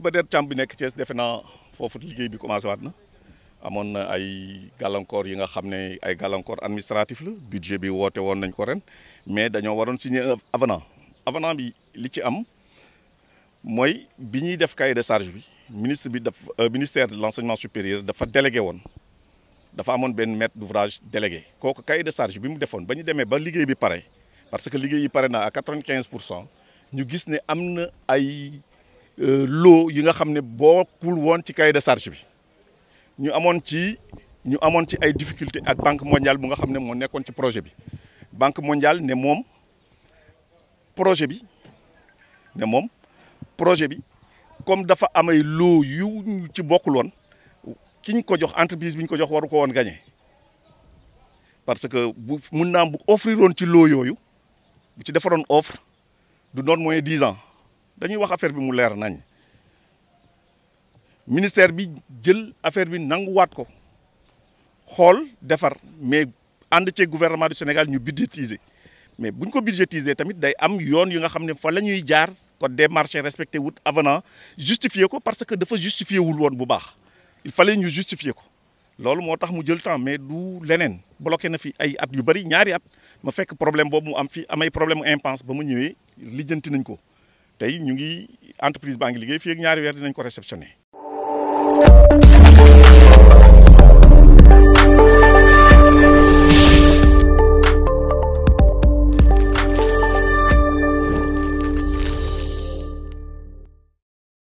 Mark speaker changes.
Speaker 1: ba der càmm bi nekk Thiès defe naa foofu liggéey bi commencé waat na amoon na ay gàllankoor yi nga xam ne ay gàllankoor administratif la budget bi woote woon nañ ko ren mais dañoo waroon signé avenant avenant bi li ci am mooy bi ñuy def cahier de charge bi ministre bi daf euh, ministère de l'enseignement supérieur dafa délégué woon dafa amoon benn maître d'ouvrage délégué kooku cahier de charge bi mu defoon ba ñu demee ba liggéey bi pare parce que liggéey yi pare na a quatre vingt pour cent ñu gis ne am na ay Euh, lot yi nga xamné bokul won ci cahier de charge bi ñu amone ci ñu amone ci ay difficulté ak banque mondiale bu nga xamné mo nekkon ci projet bi banque mondiale né mom projet bi né mom projet bi comme dafa am ay lot yu ñu ci bokul won ki ko jox entreprise biñ ko jox waru ko won gagner parce que bu mun na bu offrir woon ci lot yoyu bu ci defaroon offre du doon moins 10 ans dañuy wax affaire bi mu leer nañ ministère bi jël affaire bi wat ko xol défar mais and ci gouvernement du Sénégal ñu budgétiser mais buñ ko budgétiser tamit day am yoon yu nga xamné fa lañuy jaar ko des marchés respecté wut avenant justifier ko parce que dafa justifier wul won bu baax il fallait ñu justifier ko loolu motax mu jël temps mais du lenen bloqué na fi ay at yu bari ñaari at ma fekk problème bobu mu am fi amay problème impense ba mu ñëwee lijjanti nañ ko tey ñu ngi entreprise baa ngi liggéey fii ak ñaari weer dinañ ko réceptionné